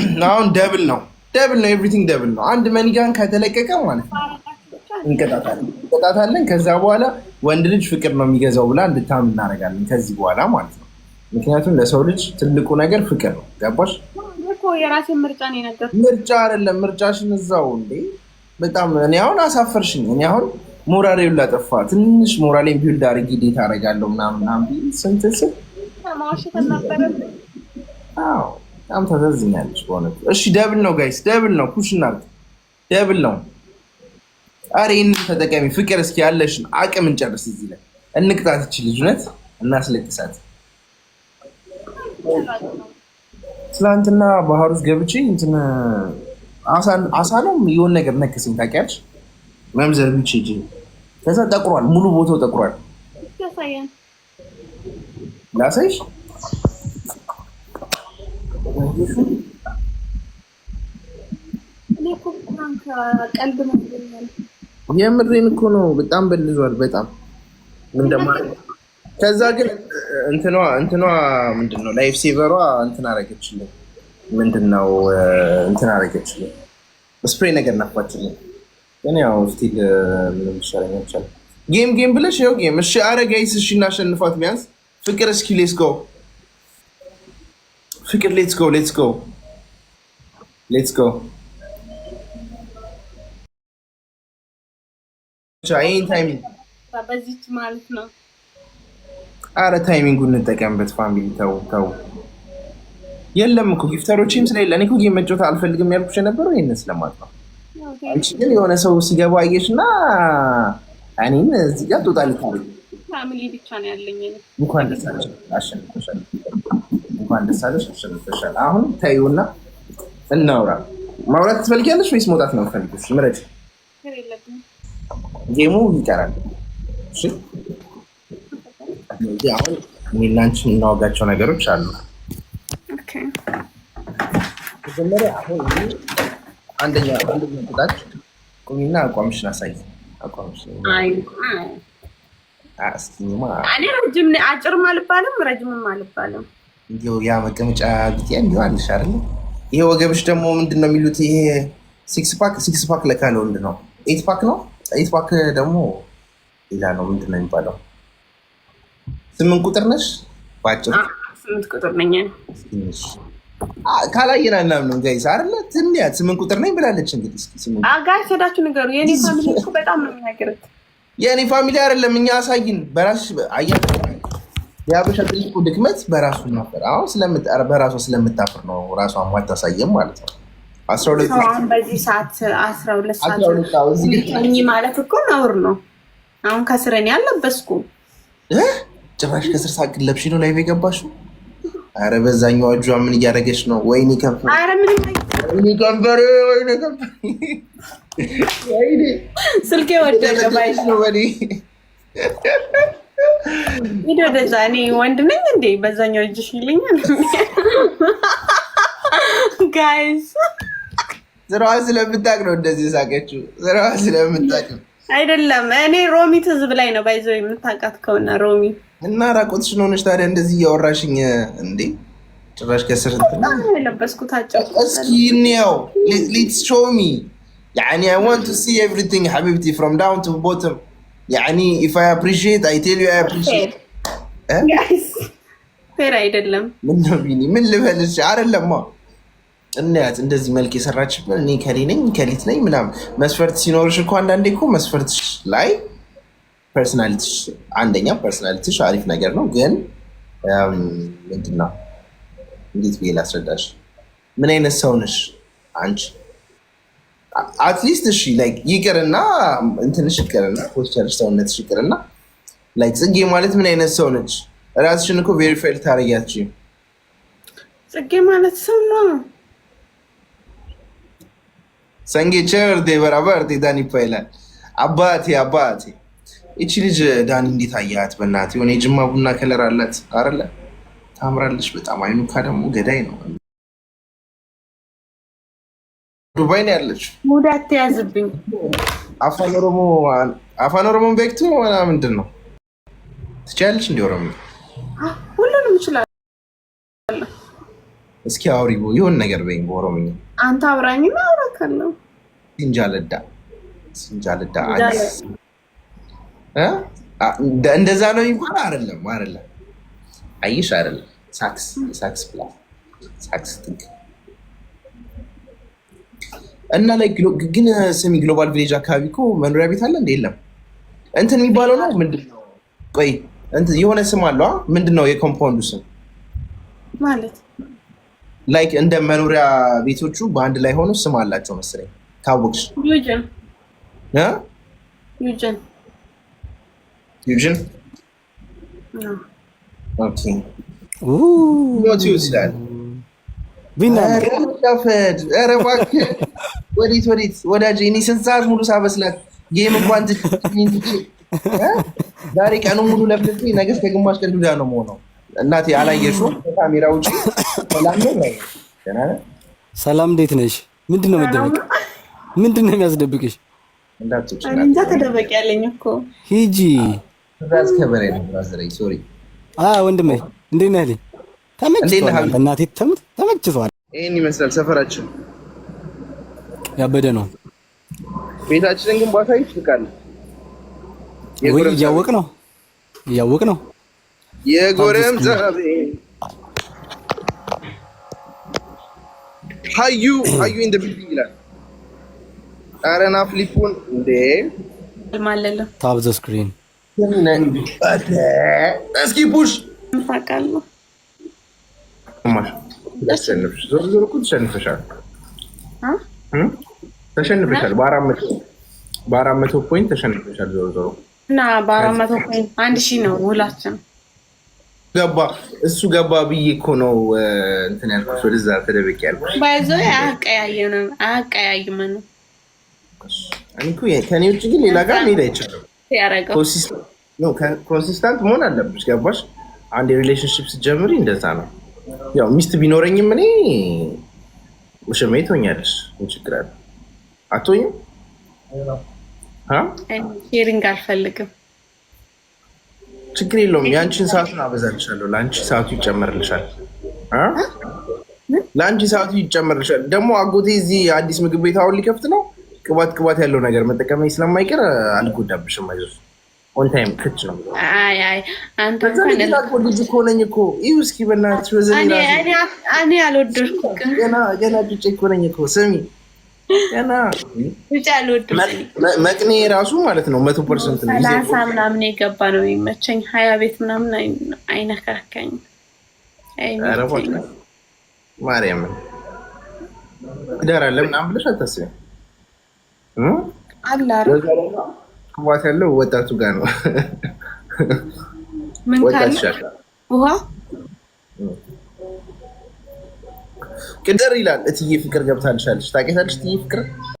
አሁን ደብል ነው ደብል ነው ኤቭሪቲንግ ደብል ነው። አንድ መኒጋን ከተለቀቀ ማለት ነው እንቀጣታለን እንቀጣታለን። ከዛ በኋላ ወንድ ልጅ ፍቅር ነው የሚገዛው ብላ እንድታም እናደርጋለን ከዚህ በኋላ ማለት ነው። ምክንያቱም ለሰው ልጅ ትልቁ ነገር ፍቅር ነው። ገባሽ? የራሴ ምርጫ ነው ምርጫ አይደለም ምርጫሽን እዛው እንዴ! በጣም እኔ አሁን አሳፈርሽኝ። እኔ አሁን ሞራሌን ላጠፋ ትንሽ ሞራሌ ቢውልድ አድርጌ ዴት አደርጋለሁ ምናምን ምናምን ስንት ስል ማዋሸት አዎ በጣም ተዘዝኛለች በእውነቱ። እሺ ደብል ነው ጋይስ፣ ደብል ነው ኩሽ ና ደብል ነው። አሬ ይህንን ተጠቀሚ ፍቅር። እስኪ ያለሽን አቅም እንጨርስ። እዚህ ላይ እንቅጣት ይችል ልጅነት እናስለቅሳት። ትላንትና ባህር ውስጥ ገብቼ እንትን አሳ ነው የሆነ ነገር ነክስኝ ታውቂያለሽ። መምዘር ብቼ ጅ ከዛ ጠቁሯል፣ ሙሉ ቦታው ጠቁሯል። ላሳይሽ የምሬን እኮ ነው። በጣም በልዟል። በጣም እንደማ ከዛ ግን እንትኗ እንትኗ ምንድን ነው ላይፍ ሴቨሯ እንትን አረገችልኝ። ምንድን ነው እንትን አረገችልን። ስፕሬ ነገር ናፋችልኝ። ግን ያው ስቲል ምንም ይሻለኝ ጌም ጌም ብለሽ ያው ጌም እሺ፣ አረጋይስ እሺ፣ እናሸንፋት ቢያንስ ፍቅር እስኪ ሌስ ጎ ፍቅር ሌትስ ጎ ሌትስ ጎ ሌትስ ጎ ይህን ታይሚንግ በዚች ማለት ነው። አረ ታይሚንጉን እንጠቀምበት ፋሚሊ። ተው ተው፣ የለም እኮ ጊፍተሮችም ስለሌለ እኔ እኮ ጌም መጫወት አልፈልግም ያልኩሽ የነበረው ይህንን ስለማት ነው። አንቺ ግን የሆነ ሰው ሲገባ አየሽ እና እኔን እዚህ ጋር ትወጣለች። ፋሚሊ ብቻ ነው ያለኝ። እንኳን ደስ አሸንፈሻል። እንኳን ደስ አለሽ፣ አሸንፈሻል። አሁን ተይውና እናውራ። ማውራት ትፈልጊያለሽ ወይስ መውጣት ነው ፈልጎች? ምረጭ። ጌሙ ይቀራል። አሁን እኔና አንቺ የምናወጋቸው ነገሮች አሉ። መጀመሪያ አሁን አንደኛ አንደኛ ቁጣች ቁሚና አቋምሽን አሳይ። አቋምሽን እኔ ረጅም አጭርም አልባልም ረጅምም አልባልም እንዲው ያ መቀመጫ ቢቲኤም እንዲሁ አለሽ ይሄ ወገብሽ ደግሞ ምንድን ነው የሚሉት? ይሄ ሲክስ ፓክ ሲክስ ፓክ ለካ ለወንድ ነው። ኤት ፓክ ነው። ኤት ፓክ ደግሞ ሌላ ነው። ምንድን ነው የሚባለው? ስምንት ቁጥር ነሽ ባጭሩ። ስምንት ቁጥር ነኝ ካላየን ነው ጋይስ አይደለ? ትንያት ስምንት ቁጥር ነኝ ብላለች። እንግዲህ ጋይስ ሄዳችሁ ንገሩ። የኔ ፋሚሊ በጣም ነው የሚያገረት። የእኔ ፋሚሊ አይደለም እኛ አሳይን በራስሽ አያ የአበሻ ትልቁ ድክመት በራሱ ነበር። አሁን በራሷ ስለምታፍር ነው ራሷ አታሳየም ማለት ነው። በዚህ ሰዓት አስራ ሁለት ሰዓት ማለት እኮ ነውር ነው። አሁን ከስር እኔ አልለበስኩም። ጭራሽ ከስር ለብሽ ነው ላይ የገባሽው? አረ በዛኛው እጇ ምን እያደረገች ነው? ወይኔ ከንፈር፣ ወይኔ ከንፈር፣ ወይኔ ከንፈር፣ ስልኬ ወደቀ ነው ሂድ ወደዛ። እኔ ወንድ ነኝ እንዴ? በዛኛው እጅሽ ይለኛል። ጋይስ ነው እንደዚህ ሳቀችው። ነው አይደለም። እኔ ሮሚ ትዝ ብላኝ ነው ባይዘው የምታውቃት ከሆነ ሮሚ እና ታዲያ እንደዚህ እያወራሽኝ እንዴ? ጭራሽ ከስር እስኪ እንየው። ሌትስ ያኒ አይ ዋንት ቱ ሲ ኤቭሪቲንግ ሀቢብቲ ፍሮም ዳውን ቱ ቦተም ያኒ ኢፍ አይ አፕሪሺየት አይ ቴል ዩ አይ አፕሪሺየት ፌር አይደለም። ምን ነው ቢኒ ምን ልበልሽ? አይደለማ እናያት እንደዚህ መልክ የሰራችብን እኔ ከሌ ነኝ ከሊት ነኝ ምናምን መስፈርት ሲኖርሽ እኮ አንዳንዴ እኮ መስፈርትሽ ላይ ፐርሶናሊቲሽ አንደኛ ፐርሶናሊቲሽ አሪፍ ነገር ነው፣ ግን ምንድን ነው እንዴት ብዬ ላስረዳሽ? ምን አይነት ሰው ነሽ አንቺ? አትሊስት እሺ ላይክ ይቅርና እንትንሽ ይቅርና ፖስቸርሽ ሰውነትሽ ይቅርና ላይክ ጽጌ ማለት ምን አይነት ሰው ነች? ራስሽን እኮ ቬሪፋይ ልታረጊያችሁ። ጽጌ ማለት ሰው ነው። ሰንጌ ቸርዴ በራበርቴ ዳኒ ይላል። አባቴ አባቴ፣ ይቺ ልጅ ዳኒ እንዴት አያት? በእናት የሆነ የጅማ ቡና ከለር አላት አለ ታምራለች በጣም አይኑካ ደግሞ ገዳይ ነው። ዱባይ ነው ያለች። ሙድ አትያዝብኝ። አፋን ኦሮሞ አፋን ኦሮሞን ቤክቱ ሆና ምንድን ነው ትችያለሽ? እንዲ ኦሮሞ ሁሉንም ይችላል። እስኪ አውሪ ይሁን ነገር በይኝ በኦሮምኛ። አንተ አብራኝ አውራካለሁ። ሲንጃለዳ ሲንጃለዳ እንደዛ ነው የሚባል አይደለም። አይደለም አይሽ አይደለም ሳክስ ሳክስ ብላ ሳክስ ጥንቅ እና ላይ ግን ስሚ ግሎባል ቪሌጅ አካባቢ እኮ መኖሪያ ቤት አለ እንደ የለም። እንትን የሚባለው ነው ምንድን ነው? ቆይ የሆነ ስም አለ ምንድን ነው የኮምፓውንዱ ስም? ማለት ላይክ እንደ መኖሪያ ቤቶቹ በአንድ ላይ ሆኖ ስም አላቸው መሰለኝ። ታወቅሽ? ዩጅን ዩጅን ረባክ ወዴት ወዴት ወዳጅ እኔ ስንት ሰዓት ሙሉ ሳበስላት ጌም እንኳን ዛሬ ቀኑ ሙሉ ለፍት ነገስ ከግማሽ ቀን ዱዳ ነው መሆነው። እናቴ አላየሽውም ከካሜራ ውጭ። ሰላም እንዴት ነሽ? ምንድን ነው መደበቅ? ምንድን ነው የሚያስደብቅሽ? እንጃ ተደበቅ ያለኝ እኮ ሂጂ ወንድሜ። እንዴት ነህ? ተመችቷል። እናቴ ተመችቷል። ይህን ይመስላል ሰፈራችን ያበደ ነው። ቤታችንን ግን ቦታ ይችላል ወይ? እያወቅ ነው እያወቅ ነው የጎረም ጸቤ ሀዩ ሀዩ ኢን ዘ ቢልዲንግ ይላል። ኧረ ናፍሊፑን እንዴ ማለለ ታብ ዘ ስክሪን እስኪ ፑሽ እንፋቃለሁ ማሽ ያሸንፍሽ ዞር ዞር እኮ ትሸንፈሻል እ ተሸንፈሻል። በአራት መቶ በአራት ፖይንት ተሸንፈሻል። ዞሮ ዞሮ እና በአራት መቶ ፖይንት አንድ ሺ ነው ውላችን ገባ እሱ ገባ ብዬ እኮ ነው እንትን ያልኩሽ፣ ወደዛ ተደበቂ ያልኩሽ። ባይዞ አያቀያየንም አያቀያይመንም። ከኔ ውጭ ግን ሌላ ጋር ሄድ አይቻልም። ኮንሲስታንት መሆን አለብሽ። ገባሽ? አንድ የሪሌሽንሽፕ ስትጀምሪ እንደዛ ነው። ያው ሚስት ቢኖረኝም እኔ ውሽሜ ትሆኛለሽ። ምን ችግር አለ? አትሆኝም። ሄሪንግ አልፈልግም። ችግር የለውም። የአንቺን ሰዓቱን አበዛልሻለሁ። ለአንቺ ሰዓቱ ይጨመርልሻል። ለአንቺ ሰዓቱ ይጨመርልሻል። ደግሞ አጎቴ እዚህ አዲስ ምግብ ቤት አሁን ሊከፍት ነው። ቅባት ቅባት ያለው ነገር መጠቀም ስለማይቀር አልጎዳብሽም። አይዞሽ ኦንታይም ክች ነው። ልጅ ከሆነኝ እኮ ይህ እስኪ በእናትሽ እኔ አልወደድኩም። ገና ጭጭ ከሆነኝ እኮ ስሚ መቅኔ የራሱ ማለት ነው መቶ ፐርሰንት ሰላሳ ምናምን የገባ ነው የሚመቸኝ። ሀያ ቤት ምናምን አይነካከኝ። ማርያምን ትዳር አለ ምናምን ብለሽ አታስቢም። ክዋት ያለው ወጣቱ ጋር ነው። ምን ካለ ውሃ ቅደር ይላል። እትዬ ፍቅር ገብታልሻለች። ታውቂያታለሽ እትዬ ፍቅር